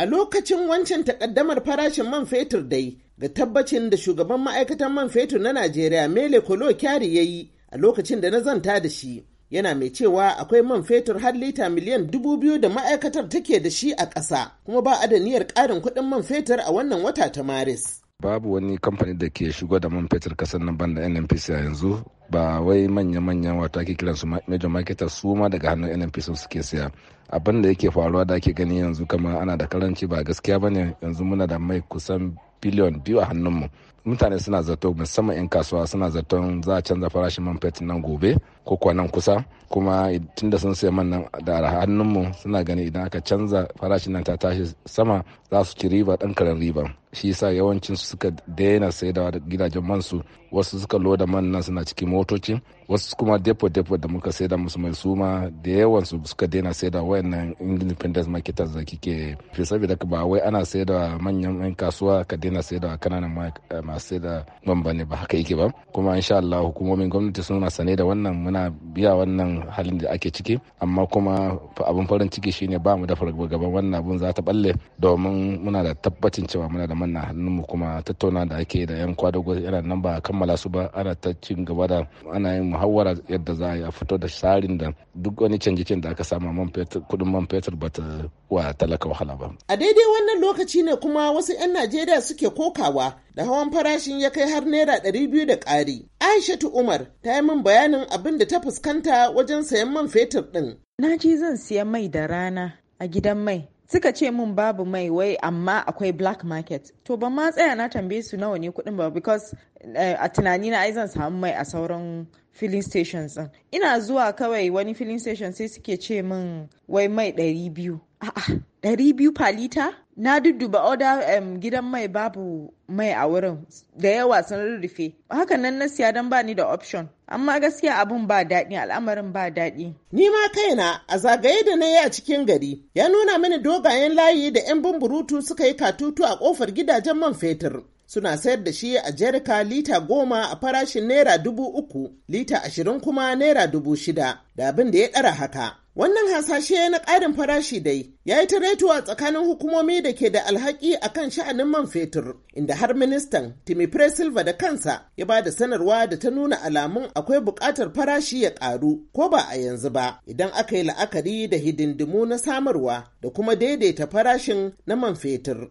A lokacin wancan takaddamar farashin man fetur dai ga tabbacin da shugaban ma'aikatan man fetur na Najeriya Mele Kolo Kyari ya yi a lokacin da na zanta da shi. Yana mai cewa akwai man fetur har lita miliyan dubu biyu da ma'aikatar take da shi a ƙasa kuma ba a da niyyar ƙarin kuɗin man fetur a wannan wata ta Maris. Babu wani kamfani da ke shigo da man fetur ƙasar nan banda NNPC a yanzu ba wai manya-manyan wata ake kiransu major marketers su ma daga hannun nnp sun suke siya abin da yake faruwa da ake gani yanzu kama ana da karanci ba gaskiya ba ne yanzu muna da mai kusan biliyon biyu a hannunmu mutane suna zato musamman 'yan kasuwa suna zaton za a canza farashin man fetur nan gobe ko kusa kuma tunda sun sayi man nan da hannunmu suna gani idan aka canza farashin nan ta tashi sama za su ci riba ɗan karen riba shi yasa yawancin su suka daina saidawa da gidajen man su wasu suka loda man suna cikin motoci wasu kuma depo depo da muka saida musu mai suma da yawan su suka daina saida wayannan independent marketers da kike fi saboda ba wai ana saida manyan yan kasuwa ka daina saida kananan masu saida man bane ba haka yake ba kuma insha Allah hukumomin gwamnati suna sane da wannan muna biya wannan halin da ake ciki amma kuma abin farin ciki shine ba mu da gaban wannan abun za ta balle domin muna da tabbacin cewa muna da manna mu. kuma tattauna da ake da yan kwadago yana nan ba kammala su ba ana ta cin gaba da ana yin muhawara yadda za a fito da tsarin da duk wani canje da aka samu man kudin man fetur ba ta wa talaka wahala ba. A daidai wannan lokaci ne kuma wasu 'yan Najeriya suke kokawa da hawan farashin ya kai har naira ɗari biyu da ƙari. Aishatu Umar ta yi min bayanin abin da ta fuskanta wajen sayan man fetur ɗin. Na ji zan siya mai da rana a gidan mai. Suka ce min babu mai wai amma akwai black market. To ban ma tsaya na tambaye su nawa ne kuɗin ba because eh, a tunanina ai zan samu mai a sauran filling stations din ina zuwa kawai wani filling station sai suke ce min wai mai ɗari biyu a'a ɗari biyu palita na dudduba oda um, gidan mai babu mai a wurin da yawa sun rurrufe haka nan na siya don bani da option amma gaskiya abun ba daɗi al'amarin ba daɗi. Ni ma kaina a zagaye da na yi a cikin gari ya nuna mini dogayen layi da 'yan bumburutu suka yi katutu a ƙofar gidajen man fetur. suna sayar da shi a jerika lita goma a farashin naira dubu uku lita ashirin kuma naira dubu shida da abin da ya ɗara haka wannan hasashe na ƙarin farashi dai ya yi ta a tsakanin hukumomi da ke da alhaki a kan sha'anin man fetur inda har ministan timipre silva da kansa ya ba da sanarwa da ta nuna alamun akwai buƙatar farashi ya ƙaru ko ba a yanzu ba idan aka yi la'akari da hidindimu na samarwa da kuma daidaita farashin na man fetur